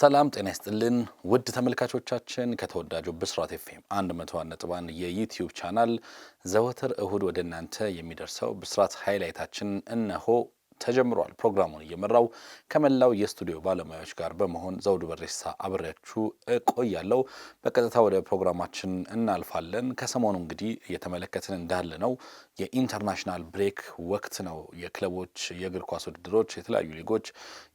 ሰላም ጤና ይስጥልን ውድ ተመልካቾቻችን፣ ከተወዳጁ ብስራት ኤፍኤም 101.1 የዩቲዩብ ቻናል ዘወትር እሁድ ወደ እናንተ የሚደርሰው ብስራት ሃይላይታችን እነሆ ተጀምሯል። ፕሮግራሙን እየመራው ከመላው የስቱዲዮ ባለሙያዎች ጋር በመሆን ዘውዱ በሬሳ አብሬያችሁ እቆያለሁ። በቀጥታ ወደ ፕሮግራማችን እናልፋለን። ከሰሞኑ እንግዲህ እየተመለከትን እንዳለ ነው የኢንተርናሽናል ብሬክ ወቅት ነው። የክለቦች የእግር ኳስ ውድድሮች፣ የተለያዩ ሊጎች፣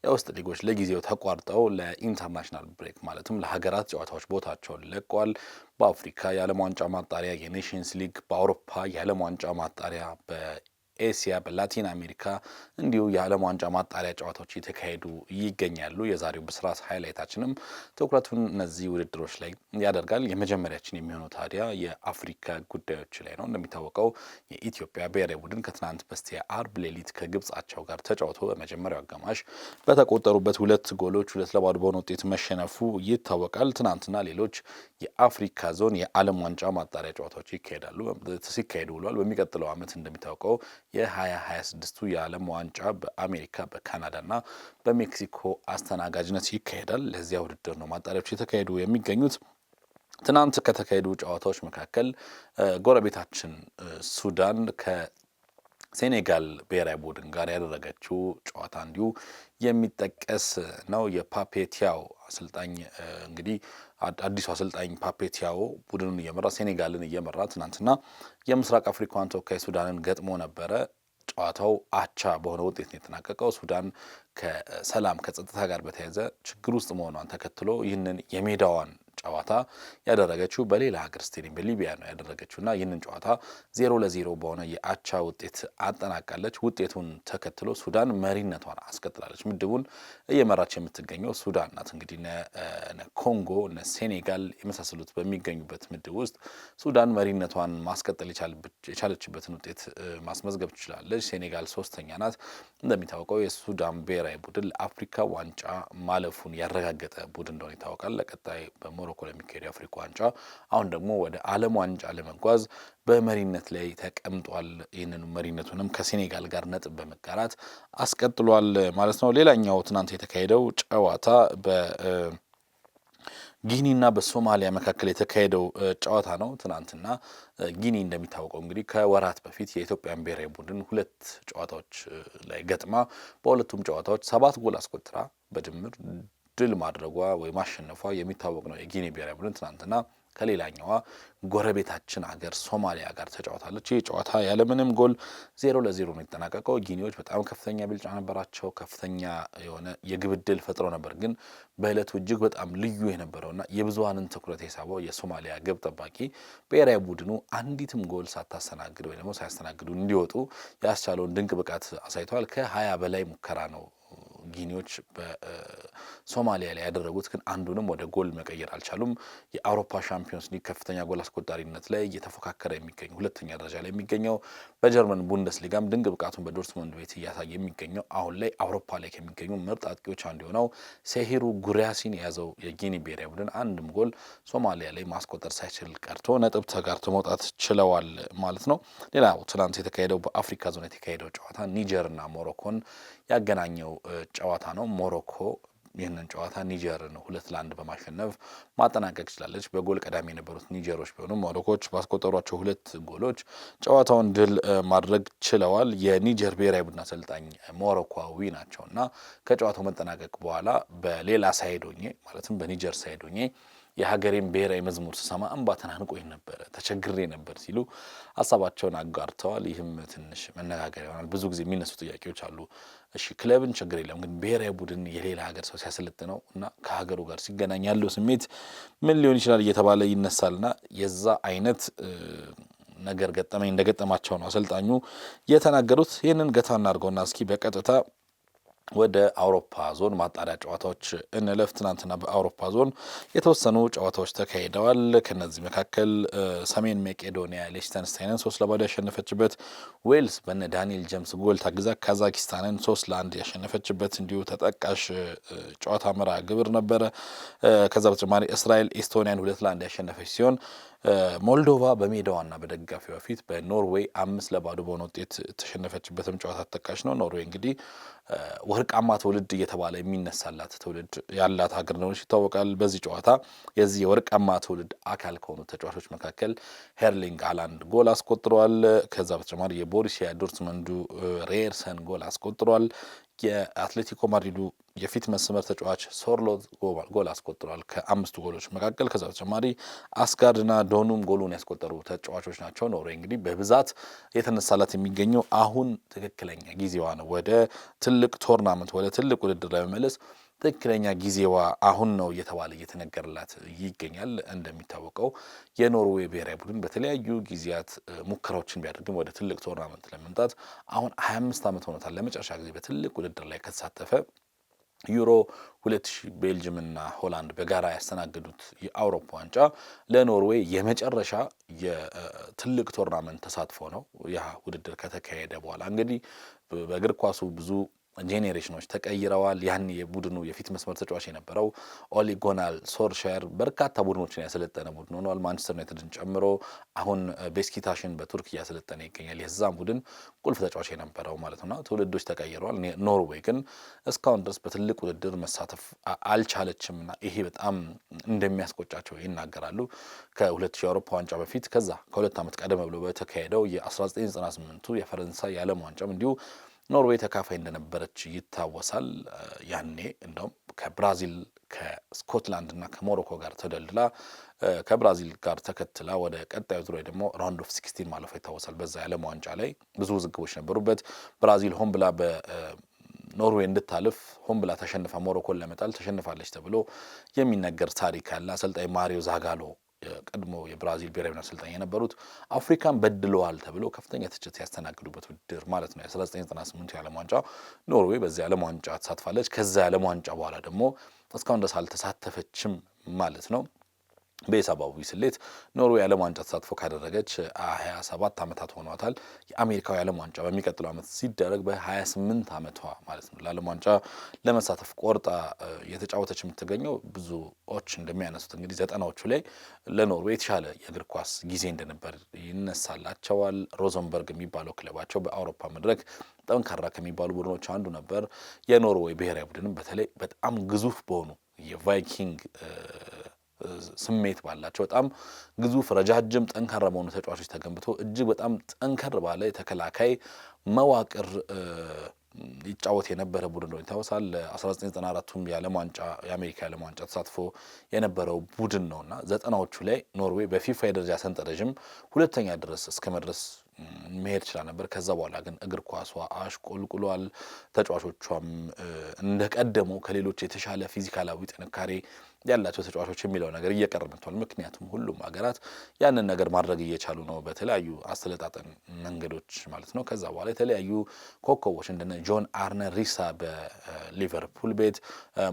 የውስጥ ሊጎች ለጊዜው ተቋርጠው ለኢንተርናሽናል ብሬክ ማለትም ለሀገራት ጨዋታዎች ቦታቸውን ለቋል። በአፍሪካ የዓለም ዋንጫ ማጣሪያ፣ የኔሽንስ ሊግ፣ በአውሮፓ የዓለም ዋንጫ ማጣሪያ ኤሲያ በላቲን አሜሪካ እንዲሁ የዓለም ዋንጫ ማጣሪያ ጨዋታዎች እየተካሄዱ ይገኛሉ። የዛሬው ብስራት ሃይላይታችንም ትኩረቱን እነዚህ ውድድሮች ላይ ያደርጋል። የመጀመሪያችን የሚሆነው ታዲያ የአፍሪካ ጉዳዮች ላይ ነው። እንደሚታወቀው የኢትዮጵያ ብሔራዊ ቡድን ከትናንት በስቲያ አርብ ሌሊት ከግብፅ አቻው ጋር ተጫውቶ በመጀመሪያው አጋማሽ በተቆጠሩበት ሁለት ጎሎች ሁለት ለባዶ በሆነ ውጤት መሸነፉ ይታወቃል። ትናንትና ሌሎች የአፍሪካ ዞን የዓለም ዋንጫ ማጣሪያ ጨዋታዎች ይካሄዳሉ ሲካሄዱ ውሏል። በሚቀጥለው ዓመት እንደሚታወቀው የ2026ቱ የዓለም ዋንጫ በአሜሪካ በካናዳና በሜክሲኮ አስተናጋጅነት ይካሄዳል። ለዚያ ውድድር ነው ማጣሪያዎች የተካሄዱ የሚገኙት። ትናንት ከተካሄዱ ጨዋታዎች መካከል ጎረቤታችን ሱዳን ሴኔጋል ብሔራዊ ቡድን ጋር ያደረገችው ጨዋታ እንዲሁ የሚጠቀስ ነው። የፓፔቲያው አሰልጣኝ እንግዲህ አዲሱ አሰልጣኝ ፓፔቲያው ቡድኑን እየመራ ሴኔጋልን እየመራ ትናንትና የምስራቅ አፍሪካን ተወካይ ሱዳንን ገጥሞ ነበረ። ጨዋታው አቻ በሆነ ውጤት ነው የተጠናቀቀው። ሱዳን ከሰላም ከጸጥታ ጋር በተያያዘ ችግር ውስጥ መሆኗን ተከትሎ ይህንን የሜዳዋን ጨዋታ ያደረገችው በሌላ ሀገር ስቴዲየም በሊቢያ ነው ያደረገችውና ይህንን ጨዋታ ዜሮ ለዜሮ በሆነ የአቻ ውጤት አጠናቃለች። ውጤቱን ተከትሎ ሱዳን መሪነቷን አስቀጥላለች። ምድቡን እየመራች የምትገኘው ሱዳን ናት። እንግዲህ እነ ኮንጎ እነ ሴኔጋል የመሳሰሉት በሚገኙበት ምድብ ውስጥ ሱዳን መሪነቷን ማስቀጠል የቻለችበትን ውጤት ማስመዝገብ ትችላለች። ሴኔጋል ሶስተኛ ናት። እንደሚታወቀው የሱዳን ብሔራዊ ቡድን ለአፍሪካ ዋንጫ ማለፉን ያረጋገጠ ቡድን እንደሆነ ይታወቃል። ለቀጣይ በሞ ሞሮኮ ለሚካሄድ የአፍሪካ ዋንጫ አሁን ደግሞ ወደ ዓለም ዋንጫ ለመጓዝ በመሪነት ላይ ተቀምጧል። ይህንን መሪነቱንም ከሴኔጋል ጋር ነጥብ በመጋራት አስቀጥሏል ማለት ነው። ሌላኛው ትናንት የተካሄደው ጨዋታ በ ጊኒና በሶማሊያ መካከል የተካሄደው ጨዋታ ነው። ትናንትና ጊኒ እንደሚታወቀው እንግዲህ ከወራት በፊት የኢትዮጵያን ብሔራዊ ቡድን ሁለት ጨዋታዎች ላይ ገጥማ በሁለቱም ጨዋታዎች ሰባት ጎል አስቆጥራ በድምር ድል ማድረጓ ወይ ማሸነፏ የሚታወቅ ነው። የጊኒ ብሔራዊ ቡድን ትናንትና ከሌላኛዋ ጎረቤታችን አገር ሶማሊያ ጋር ተጫውታለች። ይህ ጨዋታ ያለምንም ጎል ዜሮ ለዜሮ ነው የተጠናቀቀው። ጊኒዎች በጣም ከፍተኛ ብልጫ ነበራቸው። ከፍተኛ የሆነ የግብ ዕድል ፈጥረው ነበር። ግን በዕለቱ እጅግ በጣም ልዩ የነበረውና የብዙሀንን ትኩረት የሳበው የሶማሊያ ግብ ጠባቂ ብሔራዊ ቡድኑ አንዲትም ጎል ሳታስተናግድ ወይ ደግሞ ሳያስተናግዱ እንዲወጡ ያስቻለውን ድንቅ ብቃት አሳይተዋል። ከሀያ በላይ ሙከራ ነው ጊኒዎች በሶማሊያ ላይ ያደረጉት ግን አንዱንም ወደ ጎል መቀየር አልቻሉም። የአውሮፓ ሻምፒዮንስ ሊግ ከፍተኛ ጎል አስቆጣሪነት ላይ እየተፎካከረ የሚገኘው ሁለተኛ ደረጃ ላይ የሚገኘው በጀርመን ሊጋም ድንቅ ብቃቱን በዶርትሞንድ ቤት እያሳየ የሚገኘው አሁን ላይ አውሮፓ ላይ ከሚገኙ ምርጥ አጥቂዎች አንዱ የሆነው ሴሂሩ ጉሪያሲን የያዘው የጊኒ ብሔራዊ ቡድን አንድም ጎል ሶማሊያ ላይ ማስቆጠር ሳይችል ቀርቶ ነጥብ ተጋርቶ መውጣት ችለዋል ማለት ነው። ሌላው ትናንት የተካሄደው በአፍሪካ ዞን የተካሄደው ጨዋታ ኒጀርና ሞሮኮን ያገናኘው ጨዋታ ነው። ሞሮኮ ይህንን ጨዋታ ኒጀርን ሁለት ለአንድ በማሸነፍ ማጠናቀቅ ችላለች። በጎል ቀዳሚ የነበሩት ኒጀሮች ቢሆኑ ሞሮኮች ባስቆጠሯቸው ሁለት ጎሎች ጨዋታውን ድል ማድረግ ችለዋል። የኒጀር ብሔራዊ ቡድን አሰልጣኝ ሞሮኳዊ ናቸው እና ከጨዋታው መጠናቀቅ በኋላ በሌላ ሳይዶኜ ማለትም በኒጀር ሳይዶኜ የሀገሬን ብሔራዊ መዝሙር ስሰማ እንባ ተናንቆኝ ነበረ፣ ተቸግሬ ነበር ሲሉ ሀሳባቸውን አጋርተዋል። ይህም ትንሽ መነጋገር ይሆናል። ብዙ ጊዜ የሚነሱ ጥያቄዎች አሉ። እሺ ክለብን ችግር የለም ግን ብሔራዊ ቡድን የሌላ ሀገር ሰው ሲያሰለጥነው እና ከሀገሩ ጋር ሲገናኝ ያለው ስሜት ምን ሊሆን ይችላል እየተባለ ይነሳልና የዛ አይነት ነገር ገጠመኝ እንደገጠማቸው ነው አሰልጣኙ የተናገሩት። ይህንን ገታ እናድርገውና እስኪ በቀጥታ ወደ አውሮፓ ዞን ማጣሪያ ጨዋታዎች እንለፍ። ትናንትና በአውሮፓ ዞን የተወሰኑ ጨዋታዎች ተካሂደዋል። ከነዚህ መካከል ሰሜን መቄዶኒያ ሌችተንስታይንን ሶስት ለባዶ ያሸነፈችበት፣ ዌልስ በነ ዳንኤል ጀምስ ጎል ታግዛ ካዛኪስታንን ሶስት ለአንድ ያሸነፈችበት እንዲሁ ተጠቃሽ ጨዋታ መርሃ ግብር ነበረ። ከዛ በተጨማሪ እስራኤል ኤስቶኒያን ሁለት ለአንድ ያሸነፈች ሲሆን ሞልዶቫ በሜዳዋና በደጋፊዋ ፊት በኖርዌይ አምስት ለባዶ በሆነ ውጤት የተሸነፈችበትም ጨዋታ ተጠቃሽ ነው። ኖርዌይ እንግዲህ ወርቃማ ትውልድ እየተባለ የሚነሳላት ትውልድ ያላት ሀገር ነች ይታወቃል። በዚህ ጨዋታ የዚህ የወርቃማ ትውልድ አካል ከሆኑ ተጫዋቾች መካከል ሄርሊንግ ሃላንድ ጎል አስቆጥሯል። ከዛ በተጨማሪ የቦሪሲያ ዶርትመንዱ ሬርሰን ጎል አስቆጥሯል። የአትሌቲኮ ማድሪዱ የፊት መስመር ተጫዋች ሶርሎት ጎል አስቆጥሯል፣ ከአምስቱ ጎሎች መካከል። ከዛ በተጨማሪ አስጋርድና ዶኑም ጎሉን ያስቆጠሩ ተጫዋቾች ናቸው። ኖሮ እንግዲህ በብዛት የተነሳላት የሚገኘው አሁን ትክክለኛ ጊዜዋ ነው፣ ወደ ትልቅ ቶርናመንት፣ ወደ ትልቅ ውድድር ለመመለስ ትክክለኛ ጊዜዋ አሁን ነው እየተባለ እየተነገርላት ይገኛል። እንደሚታወቀው የኖርዌይ ብሔራዊ ቡድን በተለያዩ ጊዜያት ሙከራዎችን ቢያደርግም ወደ ትልቅ ቶርናመንት ለመምጣት አሁን 25 ዓመት ሆኖታል። ለመጨረሻ ጊዜ በትልቅ ውድድር ላይ ከተሳተፈ ዩሮ 2000 ቤልጅምና ሆላንድ በጋራ ያስተናገዱት የአውሮፓ ዋንጫ ለኖርዌይ የመጨረሻ የትልቅ ቶርናመንት ተሳትፎ ነው። ያ ውድድር ከተካሄደ በኋላ እንግዲህ በእግር ኳሱ ብዙ ጄኔሬሽኖች ተቀይረዋል። ያን የቡድኑ የፊት መስመር ተጫዋች የነበረው ኦሊጎናል ሶርሻር በርካታ ቡድኖችን ያሰለጠነ ቡድን ሆኗል። ማንቸስተር ዩናይትድን ጨምሮ አሁን ቤስኪታሽን በቱርክ እያሰለጠነ ይገኛል። የዛም ቡድን ቁልፍ ተጫዋች የነበረው ማለት ነውና ትውልዶች ተቀይረዋል። ኖርዌይ ግን እስካሁን ድረስ በትልቅ ውድድር መሳተፍ አልቻለችምና ይሄ በጣም እንደሚያስቆጫቸው ይናገራሉ። ከ2000 የአውሮፓ ዋንጫ በፊት ከዛ ከሁለት ዓመት ቀደም ብሎ በተካሄደው የ 1998 የፈረንሳይ የዓለም ዋንጫም እንዲሁ ኖርዌይ ተካፋይ እንደነበረች ይታወሳል። ያኔ እንደውም ከብራዚል ከስኮትላንድ እና ከሞሮኮ ጋር ተደልድላ ከብራዚል ጋር ተከትላ ወደ ቀጣዩ ዙሪያ ደግሞ ራውንድ ኦፍ ሲክስቲን ማለፏ ይታወሳል። በዛ የዓለም ዋንጫ ላይ ብዙ ውዝግቦች ነበሩበት። ብራዚል ሆን ብላ በኖርዌይ እንድታልፍ ሆን ብላ ተሸንፋ ሞሮኮን ለመጣል ተሸንፋለች ተብሎ የሚነገር ታሪክ አለ። አሰልጣኝ ማሪዮ ዛጋሎ የቀድሞ የብራዚል ብሔራዊ ቡድን አሰልጣኝ የነበሩት አፍሪካን በድለዋል ተብሎ ከፍተኛ ትችት ያስተናግዱበት ውድድር ማለት ነው። የ1998 የዓለም ዋንጫ ኖርዌይ በዚህ የዓለም ዋንጫ ተሳትፋለች። ከዛ የዓለም ዋንጫ በኋላ ደግሞ እስካሁን ድረስ አልተሳተፈችም ማለት ነው። በሂሳባዊ ስሌት ኖርዌይ የዓለም ዋንጫ ተሳትፎ ካደረገች 27 ዓመታት ሆኗታል። የአሜሪካው የዓለም ዋንጫ በሚቀጥለው ዓመት ሲደረግ በ28 ዓመቷ ማለት ነው ለዓለም ዋንጫ ለመሳተፍ ቆርጣ የተጫወተች የምትገኘው ብዙዎች እንደሚያነሱት እንግዲህ ዘጠናዎቹ ላይ ለኖርዌይ የተሻለ የእግር ኳስ ጊዜ እንደነበር ይነሳላቸዋል። ሮዘንበርግ የሚባለው ክለባቸው በአውሮፓ መድረክ ጠንካራ ከሚባሉ ቡድኖች አንዱ ነበር። የኖርዌይ ብሔራዊ ቡድንም በተለይ በጣም ግዙፍ በሆኑ የቫይኪንግ ስሜት ባላቸው በጣም ግዙፍ ረጃጅም ጠንካራ በሆኑ ተጫዋቾች ተገንብቶ እጅግ በጣም ጠንከር ባለ የተከላካይ መዋቅር ይጫወት የነበረ ቡድን ነው ይታወሳል። ለ1994ቱም የዓለም ዋንጫ የአሜሪካ የዓለም ዋንጫ ተሳትፎ የነበረው ቡድን ነውና ዘጠናዎቹ ላይ ኖርዌይ በፊፋ የደረጃ ሰንጠረዥም ሁለተኛ ድረስ እስከ መድረስ መሄድ ችላ ነበር። ከዛ በኋላ ግን እግር ኳሷ አሽቆልቁሏል። ተጫዋቾቿም እንደቀደሙ ከሌሎች የተሻለ ፊዚካላዊ ጥንካሬ ያላቸው ተጫዋቾች የሚለው ነገር እየቀረ መጥቷል። ምክንያቱም ሁሉም ሀገራት ያንን ነገር ማድረግ እየቻሉ ነው፣ በተለያዩ አስተለጣጠን መንገዶች ማለት ነው። ከዛ በኋላ የተለያዩ ኮከቦች እንደነ ጆን አርነ ሪሳ በሊቨርፑል ቤት፣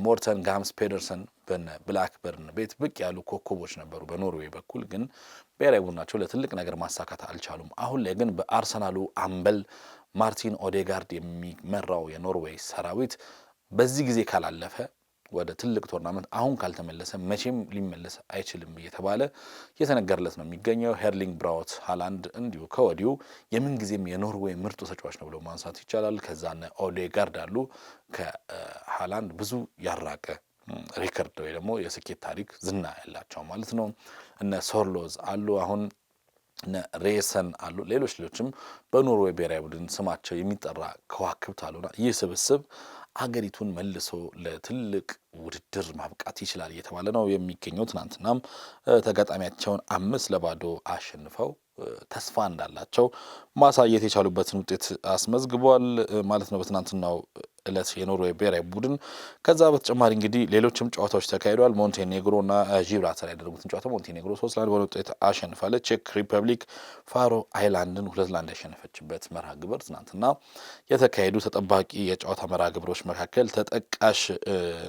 ሞርተን ጋምስ ፔደርሰን በነ ብላክበርን ቤት ብቅ ያሉ ኮከቦች ነበሩ። በኖርዌይ በኩል ግን ብሔራዊ ቡድናቸው ለትልቅ ነገር ማሳካት አልቻሉም። አሁን ላይ ግን በአርሰናሉ አምበል ማርቲን ኦዴጋርድ የሚመራው የኖርዌይ ሰራዊት በዚህ ጊዜ ካላለፈ ወደ ትልቅ ቶርናመንት አሁን ካልተመለሰ መቼም ሊመለስ አይችልም እየተባለ እየተነገርለት ነው የሚገኘው። ሄርሊንግ ብራውት ሃላንድ እንዲሁ ከወዲሁ የምንጊዜም የኖርዌይ ምርጡ ተጫዋች ነው ብሎ ማንሳት ይቻላል። ከዛነ ኦዴጋርድ አሉ ከሃላንድ ብዙ ያራቀ ሪከርድ ወይ ደግሞ የስኬት ታሪክ ዝና ያላቸው ማለት ነው። እነ ሶርሎዝ አሉ አሁን እነ ሬሰን አሉ ሌሎች ሌሎችም በኖርዌይ ብሔራዊ ቡድን ስማቸው የሚጠራ ከዋክብት አሉና ይህ ስብስብ አገሪቱን መልሶ ለትልቅ ውድድር ማብቃት ይችላል እየተባለ ነው የሚገኘው። ትናንትናም ተጋጣሚያቸውን አምስት ለባዶ አሸንፈው ተስፋ እንዳላቸው ማሳየት የቻሉበትን ውጤት አስመዝግቧል ማለት ነው። በትናንትናው እለት የኖርዌይ ብሔራዊ ቡድን ከዛ በተጨማሪ እንግዲህ ሌሎችም ጨዋታዎች ተካሂደዋል። ሞንቴኔግሮ እና ጂብራልታር ያደረጉትን ጨዋታ ሞንቴኔግሮ ሶስት ለአንድ በሆነ ውጤት አሸንፋለች። ቼክ ሪፐብሊክ ፋሮ አይላንድን ሁለት ለአንድ ያሸነፈችበት መርሃ ግብር ትናንትና የተካሄዱ ተጠባቂ የጨዋታ መርሃ ግብሮች መካከል ተጠቃሽ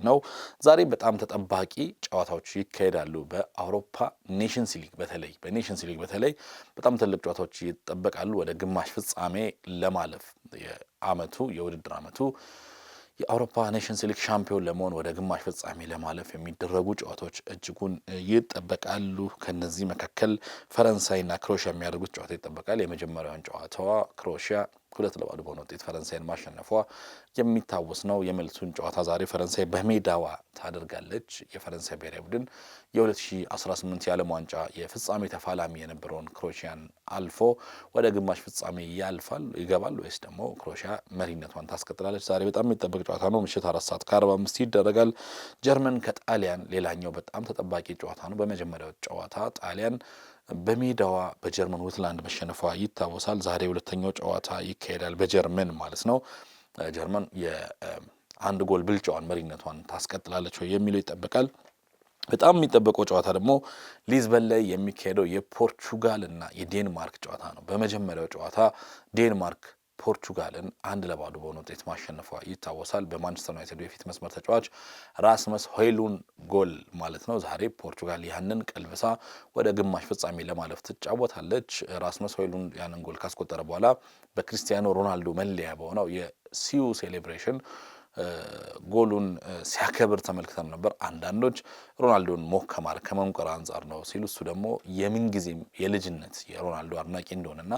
ነው። ዛሬ በጣም ተጠባቂ ጨዋታዎች ይካሄዳሉ። በአውሮፓ ኔሽንስ ሊግ በተለይ በኔሽንስ ሊግ በተለይ በጣም ትልቅ ጨዋታዎች ይጠበቃሉ። ወደ ግማሽ ፍጻሜ ለማለፍ የአመቱ የውድድር አመቱ የአውሮፓ ኔሽንስ ሊግ ሻምፒዮን ለመሆን ወደ ግማሽ ፍጻሜ ለማለፍ የሚደረጉ ጨዋታዎች እጅጉን ይጠበቃሉ። ከነዚህ መካከል ፈረንሳይና ክሮሽያ የሚያደርጉት ጨዋታ ይጠበቃል። የመጀመሪያውን ጨዋታዋ ክሮሽያ ሁለት ለባዶ በሆነ ውጤት ፈረንሳይን ማሸነፏ የሚታወስ ነው። የመልሱን ጨዋታ ዛሬ ፈረንሳይ በሜዳዋ ታደርጋለች። የፈረንሳይ ብሔራዊ ቡድን የ2018 የዓለም ዋንጫ የፍጻሜ ተፋላሚ የነበረውን ክሮኤሽያን አልፎ ወደ ግማሽ ፍጻሜ ያልፋል ይገባል ወይስ ደግሞ ክሮኤሽያ መሪነቷን ታስቀጥላለች? ዛሬ በጣም የሚጠበቅ ጨዋታ ነው። ምሽት አራት ሰዓት ከአርባ አምስት ይደረጋል። ጀርመን ከጣሊያን ሌላኛው በጣም ተጠባቂ ጨዋታ ነው። በመጀመሪያው ጨዋታ ጣሊያን በሜዳዋ በጀርመን ሁትላንድ መሸነፏ ይታወሳል። ዛሬ ሁለተኛው ጨዋታ ይካሄዳል በጀርመን ማለት ነው። ጀርመን የአንድ ጎል ብልጫዋን መሪነቷን ታስቀጥላለች ወይ የሚለው ይጠበቃል። በጣም የሚጠበቀው ጨዋታ ደግሞ ሊዝበን ላይ የሚካሄደው የፖርቹጋል እና የዴንማርክ ጨዋታ ነው። በመጀመሪያው ጨዋታ ዴንማርክ ፖርቹጋልን አንድ ለባዶ በሆነ ውጤት ማሸነፏ ይታወሳል። በማንቸስተር ዩናይትድ የፊት መስመር ተጫዋች ራስመስ ሆይሉን ጎል ማለት ነው። ዛሬ ፖርቹጋል ያንን ቀልብሳ ወደ ግማሽ ፍጻሜ ለማለፍ ትጫወታለች። ራስመስ ሆይሉን ያንን ጎል ካስቆጠረ በኋላ በክርስቲያኖ ሮናልዶ መለያ በሆነው የሲዩ ሴሌብሬሽን ጎሉን ሲያከብር ተመልክተን ነበር። አንዳንዶች ሮናልዶን ሞክ ከማር ከመምቀር አንጻር ነው ሲሉ እሱ ደግሞ የምንጊዜም የልጅነት የሮናልዶ አድናቂ እንደሆነና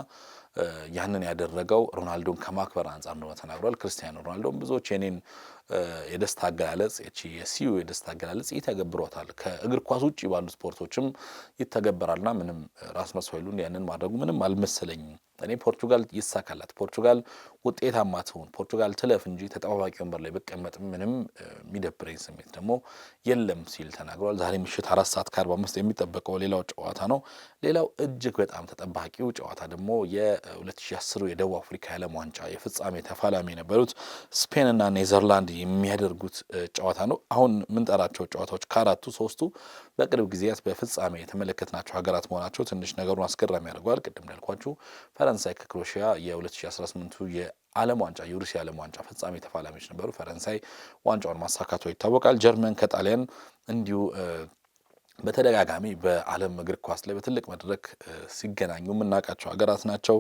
ያንን ያደረገው ሮናልዶን ከማክበር አንጻር እንደሆነ ተናግሯል። ክርስቲያኖ ሮናልዶም ብዙዎች የኔን የደስታ አገላለጽ ቺ የሲዩ የደስታ አገላለጽ ይተገብሯታል፣ ከእግር ኳስ ውጭ ባሉ ስፖርቶችም ይተገበራልና ምንም ራስ መስሎኝ ያንን ማድረጉ ምንም አልመሰለኝም። እኔ ፖርቹጋል ይሳካላት፣ ፖርቹጋል ውጤታማ ትሁን፣ ፖርቹጋል ትለፍ እንጂ ተጠባባቂ ወንበር ላይ ብቀመጥ ምንም የሚደብረኝ ስሜት ደግሞ የለም ሲል ተናግሯል። ዛሬ ምሽት አራት ሰዓት ከአርባ አምስት የሚጠበቀው ሌላው ጨዋታ ነው። ሌላው እጅግ በጣም ተጠባቂው ጨዋታ ደግሞ 2010 የደቡብ አፍሪካ የዓለም ዋንጫ የፍጻሜ ተፋላሚ የነበሩት ስፔንና ኔዘርላንድ የሚያደርጉት ጨዋታ ነው። አሁን የምንጠራቸው ጨዋታዎች ከአራቱ ሶስቱ በቅርብ ጊዜያት በፍጻሜ የተመለከትናቸው ሀገራት መሆናቸው ትንሽ ነገሩን አስገራሚ ያደርገዋል። ቅድም እንዳልኳችሁ ፈረንሳይ ከክሮሽያ የ2018ቱ ዓለም ዋንጫ የሩሲያ ዓለም ዋንጫ ፍጻሜ ተፋላሚዎች ነበሩ። ፈረንሳይ ዋንጫውን ማሳካቷ ይታወቃል። ጀርመን ከጣሊያን እንዲሁ በተደጋጋሚ በዓለም እግር ኳስ ላይ በትልቅ መድረክ ሲገናኙ የምናውቃቸው ሀገራት ናቸው።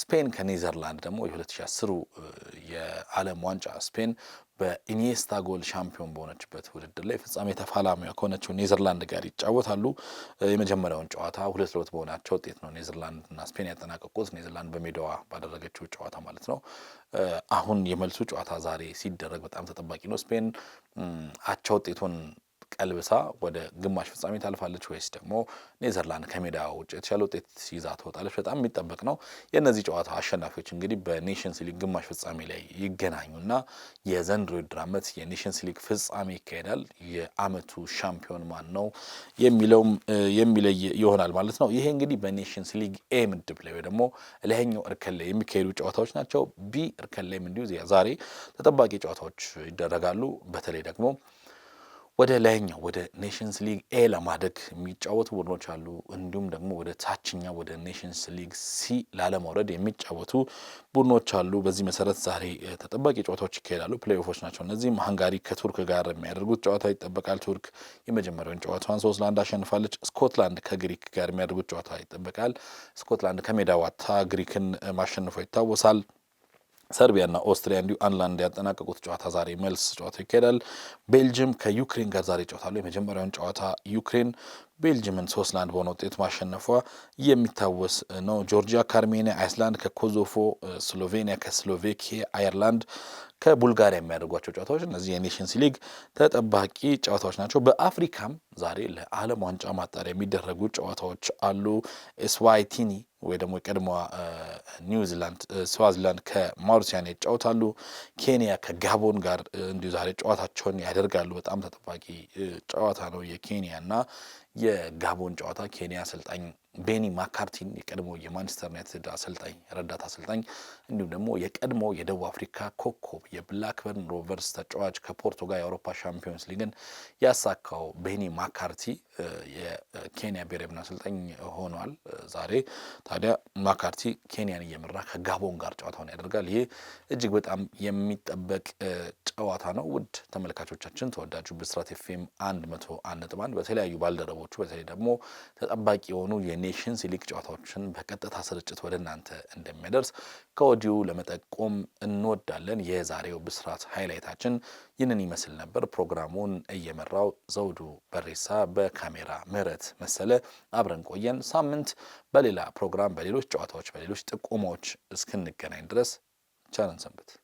ስፔን ከኔዘርላንድ ደግሞ የ2010 የዓለም ዋንጫ ስፔን በኢኒየስታ ጎል ሻምፒዮን በሆነችበት ውድድር ላይ ፍጻሜ ተፋላሚዋ ከሆነችው ኔዘርላንድ ጋር ይጫወታሉ። የመጀመሪያውን ጨዋታ ሁለት ለሁለት በሆናቸው ውጤት ነው ኔዘርላንድና ስፔን ያጠናቀቁት። ኔዘርላንድ በሜዳዋ ባደረገችው ጨዋታ ማለት ነው። አሁን የመልሱ ጨዋታ ዛሬ ሲደረግ በጣም ተጠባቂ ነው። ስፔን አቻ ውጤቱን ቀልብሳ ወደ ግማሽ ፍጻሜ ታልፋለች ወይስ ደግሞ ኔዘርላንድ ከሜዳ ውጭ የተሻለ ውጤት ይዛ ትወጣለች? በጣም የሚጠበቅ ነው። የእነዚህ ጨዋታ አሸናፊዎች እንግዲህ በኔሽንስ ሊግ ግማሽ ፍጻሜ ላይ ይገናኙና የዘንድሮ ውድድር ዓመት የኔሽንስ ሊግ ፍጻሜ ይካሄዳል። የዓመቱ ሻምፒዮን ማን ነው የሚለውም የሚለይ ይሆናል ማለት ነው። ይሄ እንግዲህ በኔሽንስ ሊግ ኤ ምድብ ላይ ወይ ደግሞ ላይኛው እርከን ላይ የሚካሄዱ ጨዋታዎች ናቸው። ቢ እርከን ላይም እንዲሁ ዛሬ ተጠባቂ ጨዋታዎች ይደረጋሉ። በተለይ ደግሞ ወደ ላይኛው ወደ ኔሽንስ ሊግ ኤ ለማደግ የሚጫወቱ ቡድኖች አሉ። እንዲሁም ደግሞ ወደ ታችኛ ወደ ኔሽንስ ሊግ ሲ ላለመውረድ የሚጫወቱ ቡድኖች አሉ። በዚህ መሰረት ዛሬ ተጠባቂ ጨዋታዎች ይካሄዳሉ። ፕሌይኦፎች ናቸው እነዚህም። ሃንጋሪ ከቱርክ ጋር የሚያደርጉት ጨዋታ ይጠበቃል። ቱርክ የመጀመሪያውን ጨዋታዋን ሶስት ለአንድ አሸንፋለች። ስኮትላንድ ከግሪክ ጋር የሚያደርጉት ጨዋታ ይጠበቃል። ስኮትላንድ ከሜዳ ዋታ ግሪክን ማሸንፎ ይታወሳል። ሰርቢያና ኦስትሪያ እንዲሁ አንድ ለአንድ ያጠናቀቁት ጨዋታ ዛሬ መልስ ጨዋታ ይካሄዳል። ቤልጅየም ከዩክሬን ጋር ዛሬ ይጫወታሉ። የመጀመሪያውን ጨዋታ ዩክሬን ቤልጅየምን ሶስት ለአንድ በሆነ ውጤት ማሸነፏ የሚታወስ ነው። ጆርጂያ ከአርሜኒያ፣ አይስላንድ ከኮሶቮ፣ ስሎቬኒያ ከስሎቬኪያ፣ አየርላንድ ከቡልጋሪያ የሚያደርጓቸው ጨዋታዎች እነዚህ የኔሽንስ ሊግ ተጠባቂ ጨዋታዎች ናቸው። በአፍሪካም ዛሬ ለዓለም ዋንጫ ማጣሪያ የሚደረጉ ጨዋታዎች አሉ። ኤስዋቲኒ ወይ ደግሞ የቀድሞዋ ኒውዚላንድ ስዋዚላንድ ከማሩሲያን ይጫወታሉ። ኬንያ ከጋቦን ጋር እንዲሁ ዛሬ ጨዋታቸውን ያደርጋሉ። በጣም ተጠባቂ ጨዋታ ነው የኬንያ እና የጋቦን ጨዋታ ኬንያ አሰልጣኝ ቤኒ ማካርቲን የቀድሞ የማንቸስተር ዩናይትድ አሰልጣኝ ረዳት አሰልጣኝ እንዲሁም ደግሞ የቀድሞ የደቡብ አፍሪካ ኮከብ የብላክበርን ሮቨርስ ተጫዋች ከፖርቱጋል የአውሮፓ ሻምፒዮንስ ሊግን ያሳካው ቤኒ ማካርቲ የኬንያ ብሔራዊ ቡድን አሰልጣኝ ሆኗል። ዛሬ ታዲያ ማካርቲ ኬንያን እየመራ ከጋቦን ጋር ጨዋታውን ያደርጋል። ይህ እጅግ በጣም የሚጠበቅ ጨዋታ ነው። ውድ ተመልካቾቻችን ተወዳጁ ብስራት ኤፍኤም አንድ መቶ አንድ ነጥብ አንድ በተለያዩ ባልደረቦ ሀሳቦቹ በተለይ ደግሞ ተጠባቂ የሆኑ የኔሽንስ ሊግ ጨዋታዎችን በቀጥታ ስርጭት ወደ እናንተ እንደሚያደርስ ከወዲሁ ለመጠቆም እንወዳለን። የዛሬው ብስራት ሃይላይታችን ይህንን ይመስል ነበር። ፕሮግራሙን እየመራው ዘውዱ በሬሳ፣ በካሜራ ምህረት መሰለ አብረን ቆየን። ሳምንት በሌላ ፕሮግራም፣ በሌሎች ጨዋታዎች፣ በሌሎች ጥቆማዎች እስክንገናኝ ድረስ ቻለን ሰንብት።